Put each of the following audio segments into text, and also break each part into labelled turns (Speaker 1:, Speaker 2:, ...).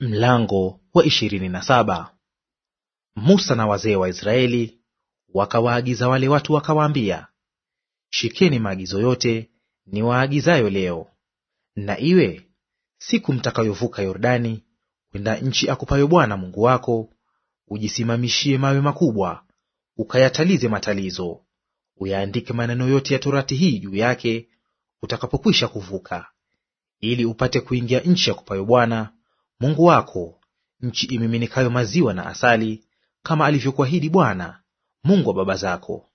Speaker 1: Mlango wa ishirini na saba. Musa na wazee wa Israeli wakawaagiza wale watu wakawaambia, shikeni maagizo yote niwaagizayo leo, na iwe siku mtakayovuka Yordani kwenda nchi akupayo Bwana Mungu wako, ujisimamishie mawe makubwa, ukayatalize matalizo, uyaandike maneno yote ya torati hii juu yake, utakapokwisha kuvuka, ili upate kuingia nchi akupayo Bwana Mungu wako nchi imiminikayo maziwa na asali, kama alivyokuahidi Bwana Mungu wa baba zako.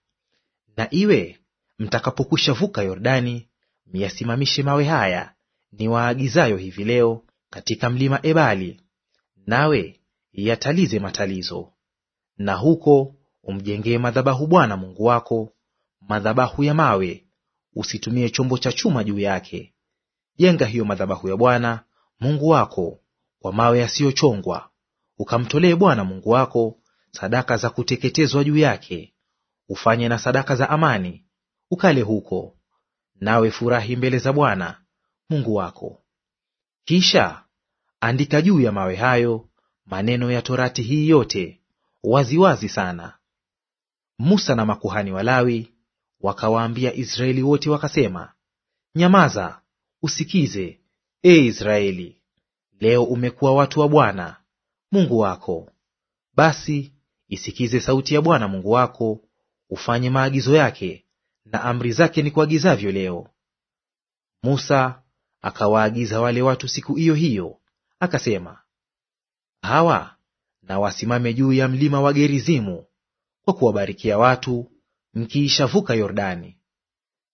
Speaker 1: Na iwe mtakapokwisha vuka Yordani, myasimamishe mawe haya niwaagizayo hivi leo katika mlima Ebali, nawe yatalize matalizo. Na huko umjengee madhabahu Bwana Mungu wako, madhabahu ya mawe, usitumie chombo cha chuma juu yake. Jenga hiyo madhabahu ya Bwana Mungu wako kwa mawe yasiyochongwa, ukamtolee Bwana Mungu wako sadaka za kuteketezwa juu yake, ufanye na sadaka za amani, ukale huko, nawe furahi mbele za Bwana Mungu wako. Kisha andika juu ya mawe hayo maneno ya torati hii yote waziwazi sana. Musa na makuhani Walawi wakawaambia Israeli wote wakasema, Nyamaza, usikize, e Israeli leo umekuwa watu wa Bwana Mungu wako. Basi isikize sauti ya Bwana Mungu wako, ufanye maagizo yake na amri zake ni kuagizavyo leo. Musa akawaagiza wale watu siku hiyo hiyo, akasema, hawa na wasimame juu ya mlima wa Gerizimu kwa kuwabarikia watu mkiishavuka Yordani.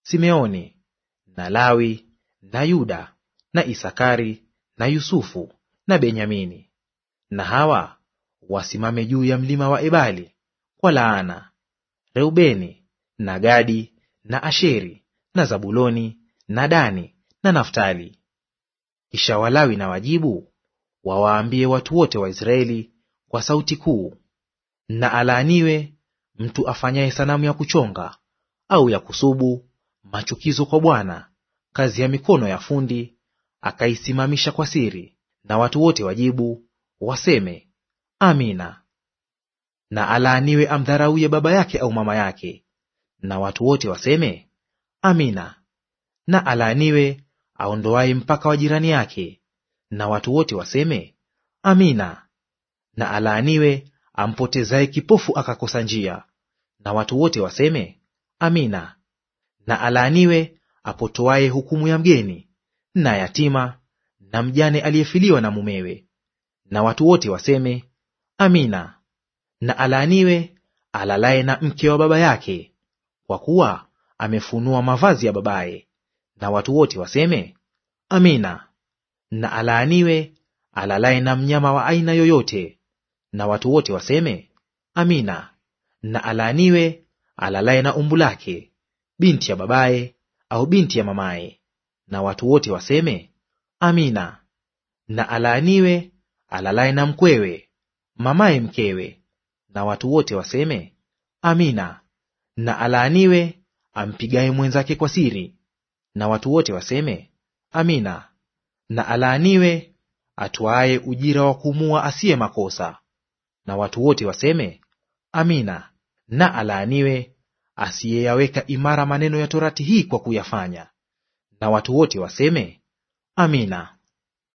Speaker 1: Simeoni na Lawi na Yuda na Isakari na Yusufu na Benyamini, na hawa wasimame juu ya mlima wa Ebali kwa laana: Reubeni na Gadi na Asheri na Zabuloni na Dani na Naftali. Kisha Walawi na wajibu wawaambie watu wote wa Israeli kwa sauti kuu, na alaaniwe mtu afanyaye sanamu ya kuchonga au ya kusubu, machukizo kwa Bwana, kazi ya mikono ya fundi akaisimamisha kwa siri, na watu wote wajibu waseme Amina. Na alaaniwe amdharauye baba yake au mama yake, na watu wote waseme Amina. Na alaaniwe aondoaye mpaka wa jirani yake, na watu wote waseme Amina. Na alaaniwe ampotezaye kipofu akakosa njia, na watu wote waseme Amina. Na alaaniwe apotoaye hukumu ya mgeni na yatima na mjane aliyefiliwa na mumewe. Na watu wote waseme Amina. Na alaaniwe alalaye na mke wa baba yake, kwa kuwa amefunua mavazi ya babaye. Na watu wote waseme Amina. Na alaaniwe alalaye na mnyama wa aina yoyote, na watu wote waseme Amina. Na alaaniwe alalaye na umbu lake, binti ya babaye au binti ya mamaye na watu wote waseme Amina. Na alaaniwe alalaye na mkwewe, mamaye mkewe, na watu wote waseme Amina. Na alaaniwe ampigaye mwenzake kwa siri, na watu wote waseme Amina. Na alaaniwe atwaye ujira wa kumua asiye makosa, na watu wote waseme Amina. Na alaaniwe asiyeyaweka imara maneno ya torati hii kwa kuyafanya na watu wote waseme Amina.